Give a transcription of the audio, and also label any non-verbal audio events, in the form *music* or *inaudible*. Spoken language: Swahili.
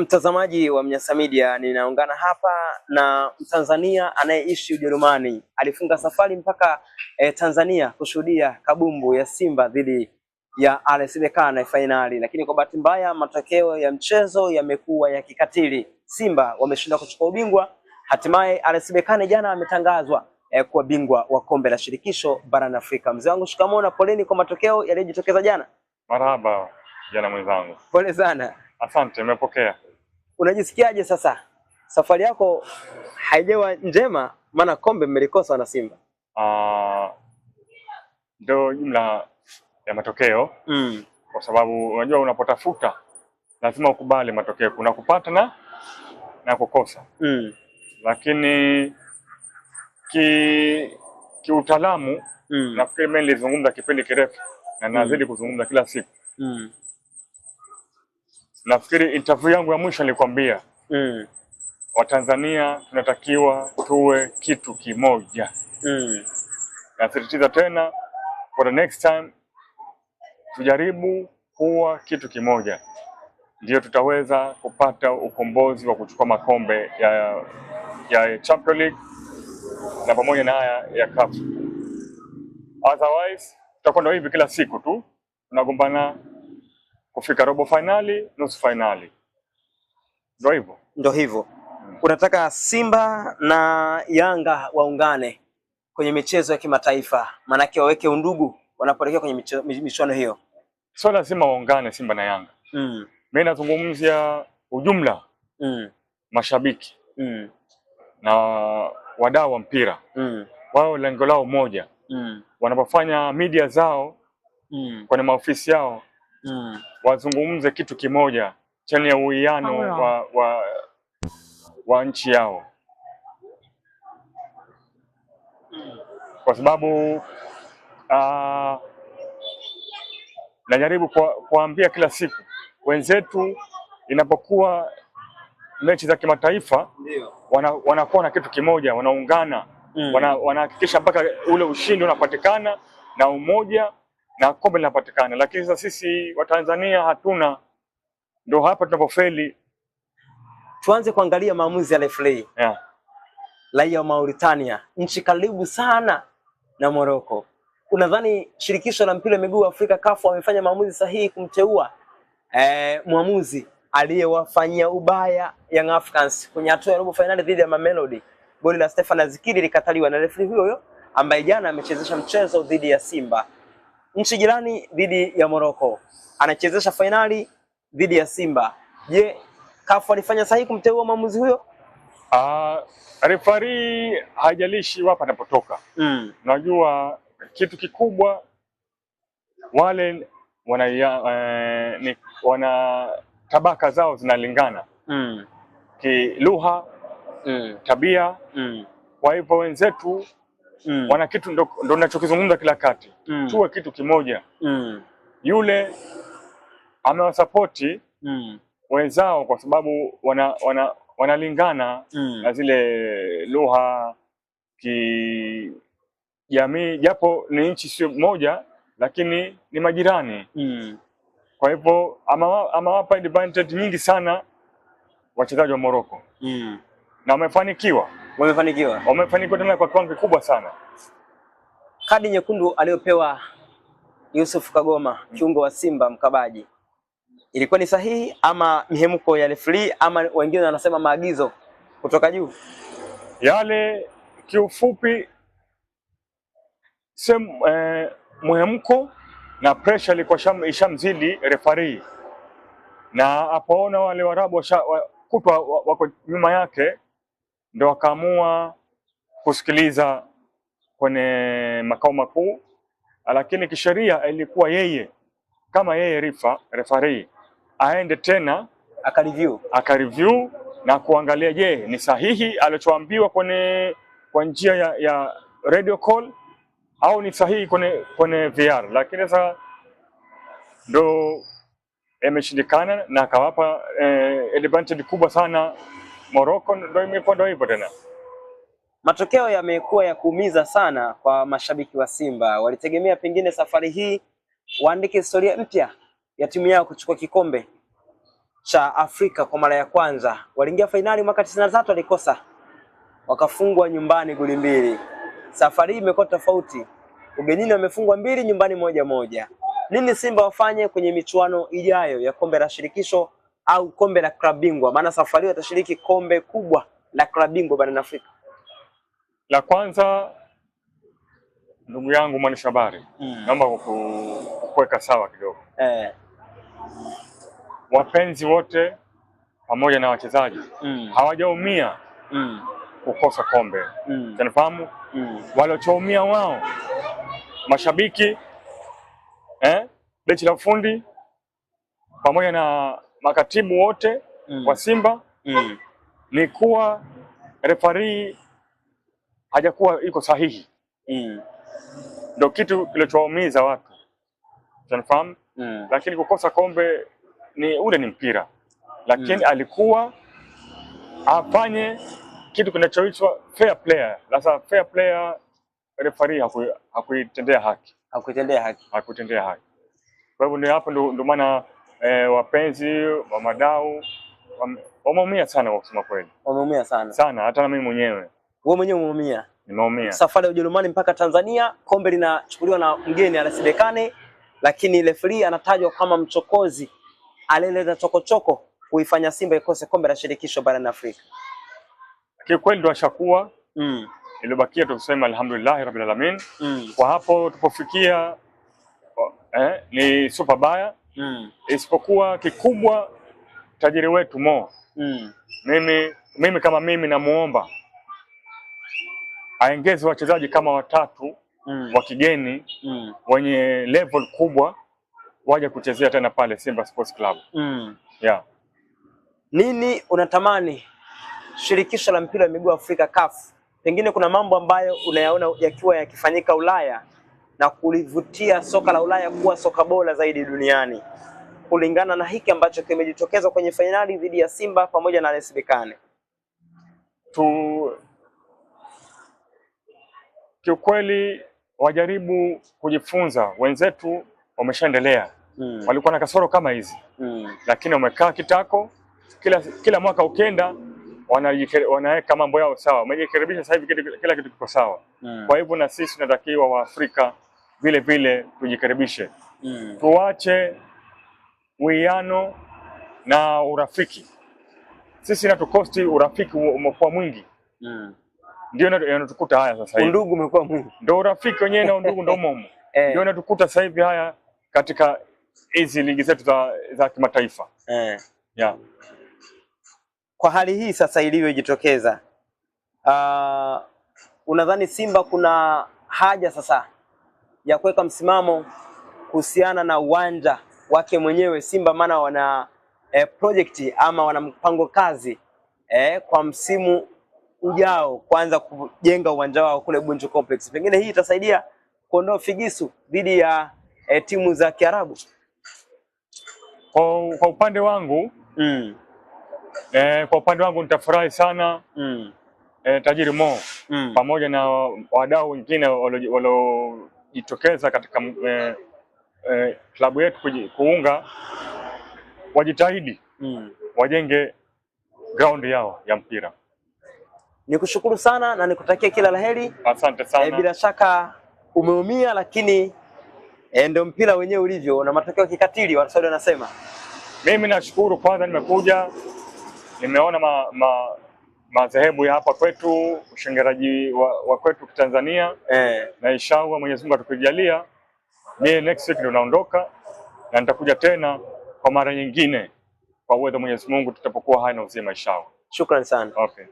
Mtazamaji wa Mnyasa Media, ninaungana hapa na Mtanzania anayeishi Ujerumani. Alifunga safari mpaka eh, Tanzania kushuhudia kabumbu ya Simba dhidi ya RS Berkane fainali, lakini kwa bahati mbaya matokeo ya mchezo yamekuwa ya kikatili. Simba wameshindwa kuchukua ubingwa, hatimaye RS Berkane jana ametangazwa eh, kuwa bingwa wa kombe la shirikisho barani Afrika. Mzee wangu shikamoo na poleni kwa matokeo yaliyojitokeza jana. Marhaba jana mwenzangu, pole sana. Asante, nimepokea unajisikiaje sasa? Safari yako haijawa njema, maana kombe mmelikosa na Simba. Uh, ndio jumla ya matokeo mm. Kwa sababu unajua unapotafuta lazima ukubali matokeo, kuna kupata na na kukosa mm. Lakini ki kiutaalamu mm. Nafikiri mimi nilizungumza kipindi kirefu na nazidi mm. kuzungumza kila siku mm. Nafikiri interview yangu ya mwisho nilikwambia mm. Watanzania tunatakiwa tuwe kitu kimoja mm. Nasisitiza tena for the next time, tujaribu kuwa kitu kimoja, ndio tutaweza kupata ukombozi wa kuchukua makombe ya, ya Champions League na pamoja na haya ya cup. Otherwise tutakwenda hivi kila siku tu tunagombana kufika robo fainali, nusu fainali. Ndio hivyo, ndio hivyo. Unataka Simba na Yanga waungane kwenye michezo ya kimataifa, maanake waweke undugu wanapoelekea kwenye michuano hiyo. Sio lazima waungane Simba na Yanga mm. Mimi nazungumzia ujumla mm. mashabiki mm. na wadau wa mpira mm. wao lengo lao moja mm. wanapofanya media zao mm. kwenye maofisi yao mm. wazungumze kitu kimoja chenye uwiano wa, wa, wa nchi yao mm. kwa sababu uh, najaribu kuambia kila siku wenzetu, inapokuwa mechi za kimataifa wanakuwa wana na kitu kimoja, wanaungana mm. wanahakikisha mpaka ule ushindi unapatikana na umoja na kombe linapatikana, lakini sasa sisi Watanzania hatuna, ndo hapa tunapofeli. Tuanze kuangalia maamuzi ya referee yeah. Raia wa Mauritania, nchi karibu sana na Morocco, unadhani shirikisho la mpira wa miguu Afrika CAF wamefanya maamuzi sahihi kumteua eh, mwamuzi aliyewafanyia ubaya Young Africans kwenye hatua ya robo fainali dhidi ya Mamelodi? Goli la Stefan Azikiri likataliwa na referee huyo huyo ambaye jana amechezesha mchezo dhidi ya Simba nchi jirani dhidi ya Morocco, anachezesha fainali dhidi ya Simba. Je, CAF alifanya sahihi kumteua mwamuzi huyo? Uh, ah, refari hajalishi wapi anapotoka mm. Najua kitu kikubwa wale wana, eh, ni, wana tabaka zao zinalingana mm. Kilugha mm. tabia mm. Kwa hivyo wenzetu mm. wana kitu ndo, ndo nachokizungumza kila kati mm. tuwe kitu kimoja mm. yule amewasapoti mm. wenzao kwa sababu wana, wana, wanalingana mm. na zile lugha kijamii, japo ni nchi sio moja, lakini ni majirani mm. kwa hivyo amawapa ama advantage nyingi sana wachezaji wa Morocco mm. na wamefanikiwa Wamefanikiwa, wamefanikiwa tena kwa kiwango kikubwa sana. Kadi nyekundu aliyopewa Yusuf Kagoma hmm. kiungo wa Simba mkabaji ilikuwa ni sahihi ama mihemko ya referee ama wengine wanasema maagizo kutoka juu yale? Kiufupi sehemu eh, mhemko na pressure ilikuwa ishamzidi referee, na apoona wale Warabu kutwa wako nyuma yake ndio akaamua kusikiliza kwenye makao makuu, lakini kisheria ilikuwa yeye kama yeye rifa refarii aende tena akareview akareview na kuangalia, je, ni sahihi alichoambiwa kwenye kwa njia ya, ya radio call au ni sahihi kwenye kwenye VR. Lakini sasa ndo imeshindikana na akawapa eh, advantage kubwa sana Morocco ndio imekuwa ndio hivyo tena. Matokeo yamekuwa ya kuumiza sana kwa mashabiki wa Simba. Walitegemea pengine safari hii waandike historia mpya ya timu yao kuchukua kikombe cha Afrika kwa mara ya kwanza. Waliingia fainali mwaka tisini na tatu walikosa, wakafungwa nyumbani goli mbili. Safari hii imekuwa tofauti, ugenini wamefungwa mbili, nyumbani moja moja. Nini Simba wafanye kwenye michuano ijayo ya kombe la shirikisho au kombe la klabu bingwa? Maana safari hiyo atashiriki kombe kubwa la klabu bingwa barani Afrika. La kwanza, ndugu yangu mwandishi habari, mm. naomba kuweka sawa kidogo eh. Wapenzi wote pamoja na wachezaji mm. hawajaumia mm. kukosa kombe mm. tunafahamu mm. waliochoumia wao mashabiki eh, benchi la ufundi pamoja na makatibu wote mm. wa Simba mm. ni kuwa refarii hajakuwa iko sahihi mm. ndio kitu kilichowaumiza watu unafahamu mm. lakini kukosa kombe ni ule ni mpira lakini mm. alikuwa afanye kitu kinachoitwa fair player. Sasa fair player referee hakuitendea haki hakuitendea haki hakuitendea haki, kwa hivyo ni hapo ndo maana eh, wapenzi wa madau wameumia sana kwa kusema kweli, wameumia sana sana, hata na mimi mwenyewe. Wewe mwenyewe umeumia? Nimeumia. Safari ya Ujerumani mpaka Tanzania, kombe linachukuliwa na mgeni anasidekane, lakini referee anatajwa kama mchokozi aliyeleta chokochoko kuifanya Simba ikose kombe la shirikisho barani Afrika. Kiukweli ashakuwa mm. Iliyobakia tuseme alhamdulillahi rabbil alamin mm. Kwa hapo tupofikia eh, ni super baya mm. isipokuwa kikubwa tajiri wetu Mo mm. mimi, mimi kama mimi namuomba aongeze wachezaji kama watatu mm. wa kigeni mm. wenye level kubwa waje kuchezea tena pale Simba Sports Club mm. yeah. Nini unatamani shirikisho la mpira wa miguu Afrika CAF, pengine kuna mambo ambayo unayaona yakiwa yakifanyika Ulaya na kulivutia soka la Ulaya kuwa soka bora zaidi duniani kulingana na hiki ambacho kimejitokeza kwenye fainali dhidi ya Simba pamoja na RS Berkane. Tu kiukweli wajaribu kujifunza, wenzetu wameshaendelea hmm. Walikuwa na kasoro kama hizi hmm. Lakini wamekaa kitako, kila kila mwaka ukenda wanaweka mambo yao sawa, wamejikaribisha sasa hivi kila kitu kiko sawa hmm. Kwa hivyo na sisi tunatakiwa Waafrika vile vile tujikaribishe mm. Tuache uiano na urafiki. Sisi natukosti urafiki umekuwa mwingi mm. Ndio yanatukuta haya sasa hivi, undugu umekuwa mwingi, ndio urafiki wenyewe na undugu ndio momo *laughs* eh. Ndio natukuta sasa hivi haya katika hizi ligi zetu za, za kimataifa eh. yeah. Kwa hali hii sasa ilivyojitokeza, uh, unadhani Simba kuna haja sasa ya kuweka msimamo kuhusiana na uwanja wake mwenyewe Simba, maana wana eh, project ama wana mpango kazi eh, kwa msimu ujao kuanza kujenga uwanja wao kule Bunju Complex. Pengine hii itasaidia kuondoa figisu dhidi ya eh, timu za Kiarabu. Kwa, kwa upande wangu mm. Eh, kwa upande wangu nitafurahi sana mm. Eh, tajiri Mo mm. pamoja na wadau wengine walio wanaojitokeza katika e, e, klabu yetu kuunga wajitahidi mm. wajenge ground yao ya mpira. Nikushukuru sana na nikutakia kila laheri. Asante sana. E, bila shaka umeumia, lakini e, ndio mpira wenyewe ulivyo na matokeo kikatili, Wanasaudi wanasema. Mimi nashukuru kwanza, nimekuja nimeona ma, ma madhehebu ya hapa kwetu, ushengeraji wa, wa kwetu Tanzania eh. Na inshallah Mwenyezi Mungu atukujalia, mimi next week ndo naondoka na nitakuja tena kwa mara nyingine kwa uwezo Mwenyezi Mungu tutapokuwa hai na uzima inshallah. Shukran sana. Okay.